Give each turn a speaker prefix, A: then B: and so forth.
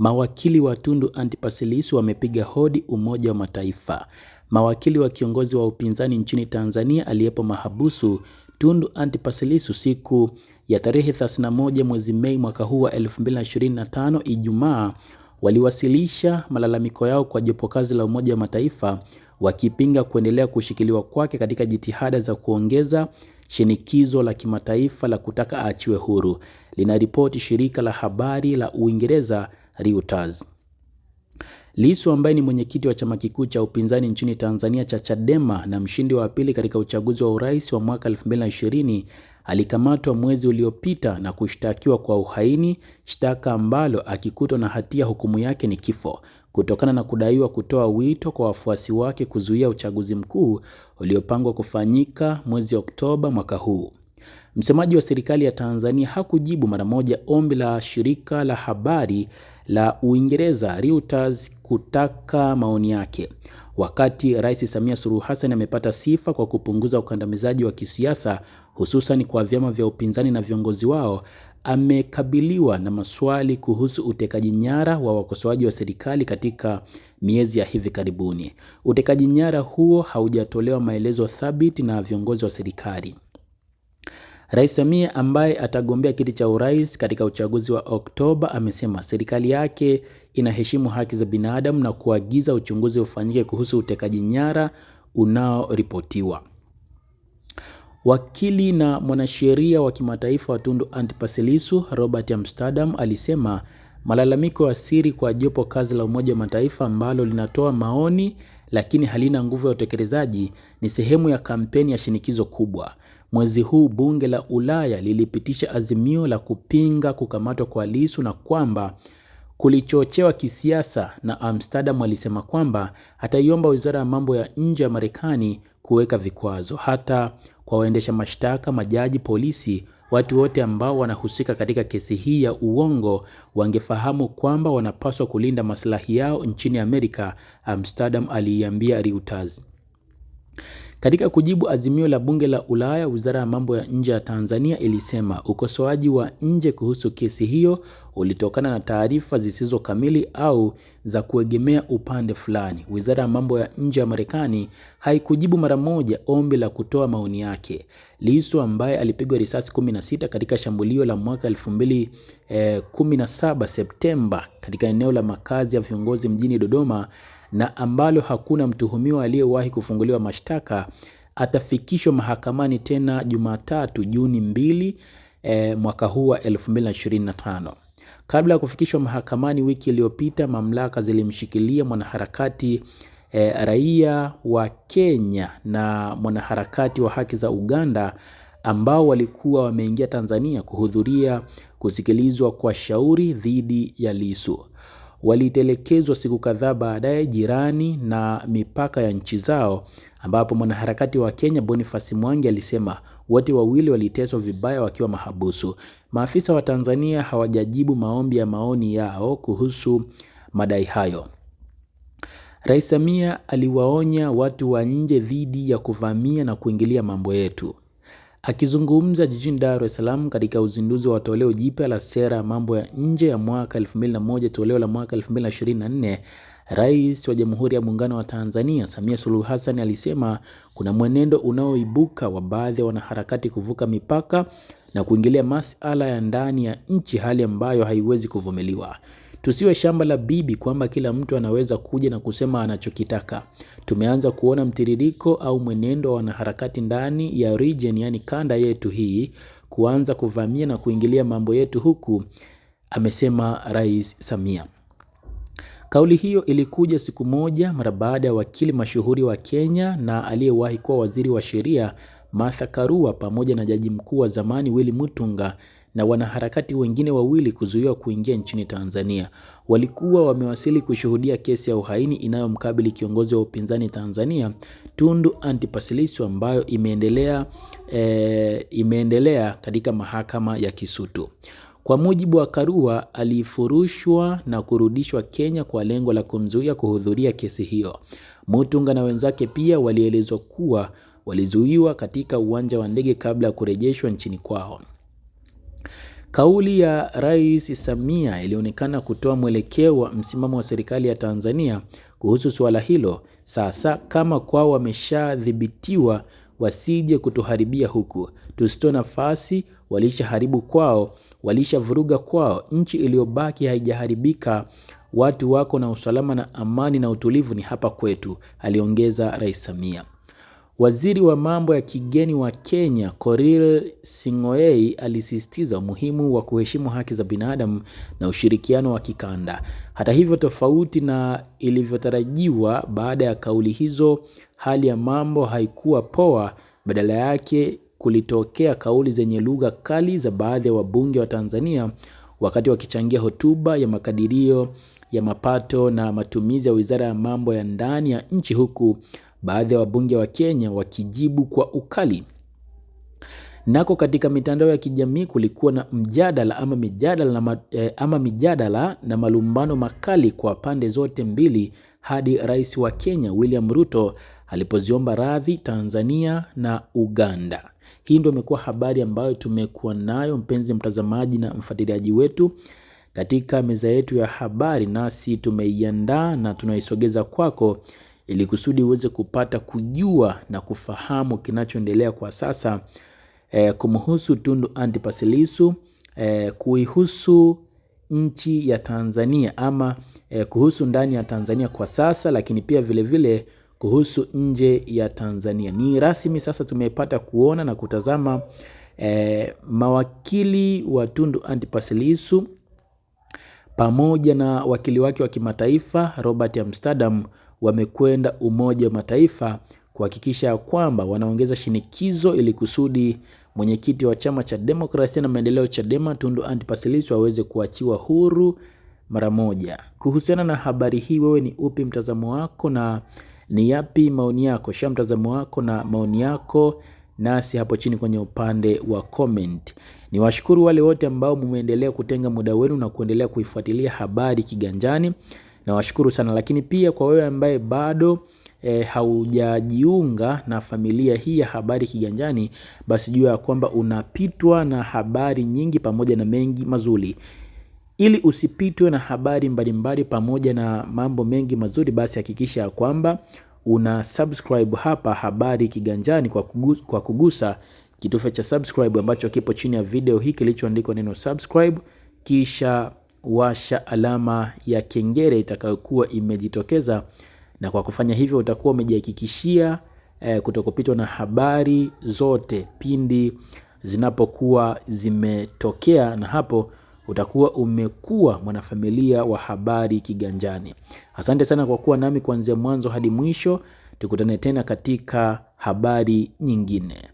A: Mawakili wa Tundu Antipas Lissu wamepiga hodi Umoja wa Mataifa. Mawakili wa kiongozi wa upinzani nchini Tanzania aliyepo mahabusu Tundu Antipas Lissu siku ya tarehe 31 mwezi Mei mwaka huu wa 2025 Ijumaa waliwasilisha malalamiko yao kwa jopo kazi la Umoja wa Mataifa wakipinga kuendelea kushikiliwa kwake katika jitihada za kuongeza shinikizo la kimataifa la kutaka aachiwe huru. Linaripoti shirika la habari la Uingereza Reuters. Lissu ambaye ni mwenyekiti wa chama kikuu cha upinzani nchini Tanzania cha Chadema na mshindi wa pili katika uchaguzi wa urais wa mwaka 2020 alikamatwa mwezi uliopita na kushtakiwa kwa uhaini, shtaka ambalo akikutwa na hatia hukumu yake ni kifo, kutokana na kudaiwa kutoa wito kwa wafuasi wake kuzuia uchaguzi mkuu uliopangwa kufanyika mwezi Oktoba mwaka huu. Msemaji wa serikali ya Tanzania hakujibu mara moja ombi la shirika la habari la Uingereza Reuters kutaka maoni yake. Wakati Rais Samia Suluhu Hassan amepata sifa kwa kupunguza ukandamizaji wa kisiasa hususan kwa vyama vya upinzani na viongozi wao, amekabiliwa na maswali kuhusu utekaji nyara wa wakosoaji wa serikali katika miezi ya hivi karibuni. Utekaji nyara huo haujatolewa maelezo thabiti na viongozi wa serikali. Rais Samia ambaye atagombea kiti cha urais katika uchaguzi wa Oktoba amesema serikali yake inaheshimu haki za binadamu na kuagiza uchunguzi ufanyike kuhusu utekaji nyara unaoripotiwa. Wakili na mwanasheria wa kimataifa wa Tundu Antipas Lissu Robert Amsterdam alisema malalamiko ya siri kwa jopo kazi la Umoja wa Mataifa ambalo linatoa maoni lakini halina nguvu ya utekelezaji ni sehemu ya kampeni ya shinikizo kubwa. Mwezi huu bunge la Ulaya lilipitisha azimio la kupinga kukamatwa kwa Lissu na kwamba kulichochewa kisiasa na Amsterdam alisema kwamba ataiomba wizara ya mambo ya nje ya Marekani kuweka vikwazo hata kwa waendesha mashtaka, majaji, polisi, watu wote ambao wanahusika katika kesi hii ya uongo wangefahamu kwamba wanapaswa kulinda maslahi yao nchini Amerika, Amsterdam aliiambia Reuters. Katika kujibu azimio la bunge la Ulaya, wizara ya mambo ya nje ya Tanzania ilisema ukosoaji wa nje kuhusu kesi hiyo ulitokana na taarifa zisizo kamili au za kuegemea upande fulani. Wizara ya mambo ya nje ya Marekani haikujibu mara moja ombi la kutoa maoni yake. Lissu ambaye alipigwa risasi 16 katika shambulio la mwaka 2017 eh, Septemba katika eneo la makazi ya viongozi mjini Dodoma na ambalo hakuna mtuhumiwa aliyewahi kufunguliwa mashtaka atafikishwa mahakamani tena Jumatatu Juni 2 e, eh, mwaka huu wa 2025. Kabla ya kufikishwa mahakamani wiki iliyopita, mamlaka zilimshikilia mwanaharakati e, raia wa Kenya na mwanaharakati wa haki za Uganda ambao walikuwa wameingia Tanzania kuhudhuria kusikilizwa kwa shauri dhidi ya Lissu walitelekezwa siku kadhaa baadaye jirani na mipaka ya nchi zao, ambapo mwanaharakati wa Kenya Boniface Mwangi alisema wote wawili waliteswa vibaya wakiwa mahabusu. Maafisa wa Tanzania hawajajibu maombi ya maoni yao kuhusu madai hayo. Rais Samia aliwaonya watu wa nje dhidi ya kuvamia na kuingilia mambo yetu. Akizungumza jijini Dar es Salaam katika uzinduzi wa toleo jipya la sera ya mambo ya nje ya mwaka 2001 toleo la mwaka 2024, Rais wa Jamhuri ya Muungano wa Tanzania Samia Suluhu Hassan alisema kuna mwenendo unaoibuka wa baadhi ya wanaharakati kuvuka mipaka na kuingilia masuala ya ndani ya nchi, hali ambayo haiwezi kuvumiliwa. Tusiwe shamba la bibi kwamba kila mtu anaweza kuja na kusema anachokitaka. Tumeanza kuona mtiririko au mwenendo wa wanaharakati ndani ya region, yani kanda yetu hii, kuanza kuvamia na kuingilia mambo yetu huku, amesema Rais Samia. Kauli hiyo ilikuja siku moja mara baada ya wakili mashuhuri wa Kenya na aliyewahi kuwa waziri wa sheria Martha Karua pamoja na jaji mkuu wa zamani Willy Mutunga na wanaharakati wengine wawili kuzuiwa kuingia nchini Tanzania. Walikuwa wamewasili kushuhudia kesi ya uhaini inayomkabili kiongozi wa upinzani Tanzania Tundu Antipas Lissu ambayo imeendelea, e, imeendelea katika mahakama ya Kisutu. Kwa mujibu wa Karua, alifurushwa na kurudishwa Kenya kwa lengo la kumzuia kuhudhuria kesi hiyo. Mutunga na wenzake pia walielezwa kuwa walizuiwa katika uwanja wa ndege kabla ya kurejeshwa nchini kwao. Kauli ya Rais Samia ilionekana kutoa mwelekeo wa msimamo wa serikali ya Tanzania kuhusu suala hilo, sasa kama kwao wameshadhibitiwa wasije kutuharibia huku, tusitoe nafasi, walishaharibu kwao, walishavuruga kwao, nchi iliyobaki haijaharibika, watu wako na usalama na amani na utulivu ni hapa kwetu, aliongeza Rais Samia. Waziri wa mambo ya kigeni wa Kenya koril Sing'oei alisisitiza umuhimu wa kuheshimu haki za binadamu na ushirikiano wa kikanda. Hata hivyo, tofauti na ilivyotarajiwa, baada ya kauli hizo, hali ya mambo haikuwa poa. Badala yake, kulitokea kauli zenye lugha kali za baadhi ya wabunge wa Tanzania wakati wakichangia hotuba ya makadirio ya mapato na matumizi ya Wizara ya Mambo ya Ndani ya nchi, huku baadhi ya wabunge wa Kenya wakijibu kwa ukali. Nako katika mitandao ya kijamii kulikuwa na mjadala ama mijadala na, eh, ama mijadala na malumbano makali kwa pande zote mbili hadi rais wa Kenya William Ruto alipoziomba radhi Tanzania na Uganda. Hii ndio imekuwa habari ambayo tumekuwa nayo mpenzi mtazamaji na mfuatiliaji wetu katika meza yetu ya habari, nasi tumeiandaa na tunaisogeza kwako ili kusudi uweze kupata kujua na kufahamu kinachoendelea kwa sasa e, eh, kumhusu Tundu Antipas Lissu e, kuihusu nchi ya Tanzania ama e, kuhusu ndani ya Tanzania kwa sasa, lakini pia vilevile vile kuhusu nje ya Tanzania. Ni rasmi sasa tumepata kuona na kutazama e, mawakili wa Tundu Antipas Lissu pamoja na wakili wake wa kimataifa Robert Amsterdam wamekwenda Umoja wa Mataifa kuhakikisha kwamba wanaongeza shinikizo ili kusudi mwenyekiti wa chama cha demokrasia na maendeleo Chadema Tundu Antipas Lissu aweze kuachiwa huru mara moja. Kuhusiana na habari hii, wewe ni upi mtazamo wako na ni yapi maoni yako? Shia mtazamo wako na maoni yako nasi hapo chini kwenye upande wa comment. Ni washukuru wale wote ambao mumeendelea kutenga muda wenu na kuendelea kuifuatilia Habari Kiganjani. Nawashukuru sana lakini pia kwa wewe ambaye bado e, haujajiunga na familia hii ya Habari Kiganjani, basi jua ya kwamba unapitwa na habari nyingi pamoja na mengi mazuri. Ili usipitwe na habari mbalimbali pamoja na mambo mengi mazuri, basi hakikisha ya kwamba una subscribe hapa Habari Kiganjani kwa kugusa, kwa kugusa kitufe cha subscribe ambacho kipo chini ya video hii kilichoandikwa neno subscribe kisha washa alama ya kengele itakayokuwa imejitokeza, na kwa kufanya hivyo utakuwa umejihakikishia eh, kutokupitwa na habari zote pindi zinapokuwa zimetokea, na hapo utakuwa umekuwa mwanafamilia wa Habari Kiganjani. Asante sana kwa kuwa nami kuanzia mwanzo hadi mwisho. Tukutane tena katika habari nyingine.